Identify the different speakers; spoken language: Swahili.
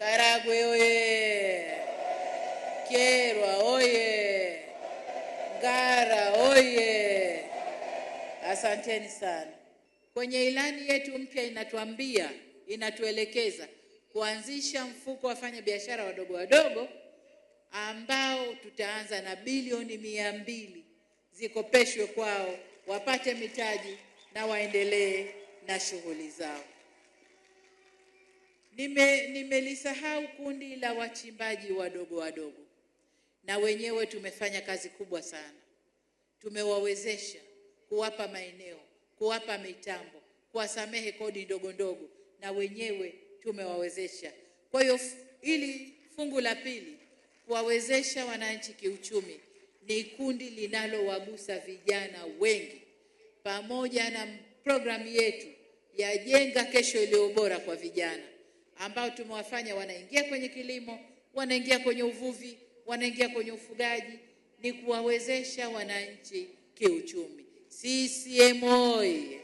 Speaker 1: Karagwe oye! Kyerwa oye! Ngara oye! Asanteni sana. Kwenye ilani yetu mpya inatuambia, inatuelekeza kuanzisha mfuko wa wafanya biashara wadogo wadogo ambao tutaanza na bilioni mia mbili zikopeshwe kwao, wapate mitaji na waendelee na shughuli zao. Nime nimelisahau kundi la wachimbaji wadogo wadogo, na wenyewe tumefanya kazi kubwa sana. Tumewawezesha kuwapa maeneo, kuwapa mitambo, kuwasamehe kodi ndogo ndogo, na wenyewe tumewawezesha. Kwa hiyo ili fungu la pili, kuwawezesha wananchi kiuchumi, ni kundi linalowagusa vijana wengi, pamoja na programu yetu ya Jenga Kesho Iliyo Bora kwa vijana ambao tumewafanya wanaingia kwenye kilimo, wanaingia kwenye uvuvi, wanaingia kwenye ufugaji, ni kuwawezesha wananchi kiuchumi. CCM oyee!